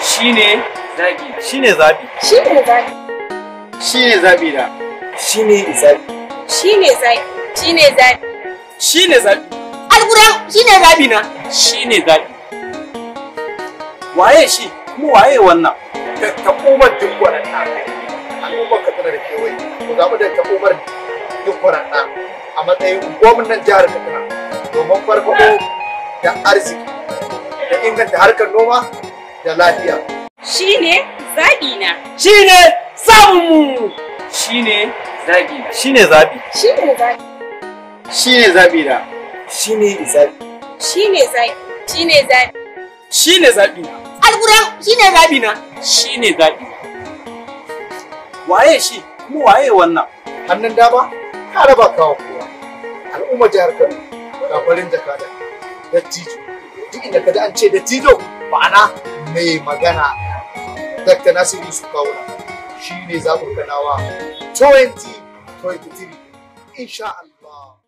shine Shi ne zaɓi. Shi ne zaɓi na. Shi ne zaɓi. Shi ne zaɓi. Shi ne zaɓi. Shi ne zaɓi. zabi shi ne zaɓi na Shi ne zaɓi. waye shi kuma waye wannan ta umar duk waɗannan al'ummar ka tana da kewaye ku zaɓi da ta umar duk waɗannan a matsayin gwamnan jihar Katsina domin farfaɗo da arziki da inganta harkar noma da lafiya. Shi ne na. Shi ne mu. Shi ne zaɓina. Shi ne zaɓi. Shi ne zaɓi. Shi ne na. Shi ne zaɓi. Shi ne zaɓi. Shi ne zaɓi. Shi ne na. Alƙuran shi ne na. Shi ne zaɓi. Waye shi? Kuma waye wannan? Hannun dama? Ka raba kawo kowa. Al'ummar jihar Kano. Ga farin jakada. dattijo duk inda kaji an ce dattijo ma'ana mai magana Dr. Nasiru Yusuf Kawuna shi ne zaɓin kanawa 2023 insha Allah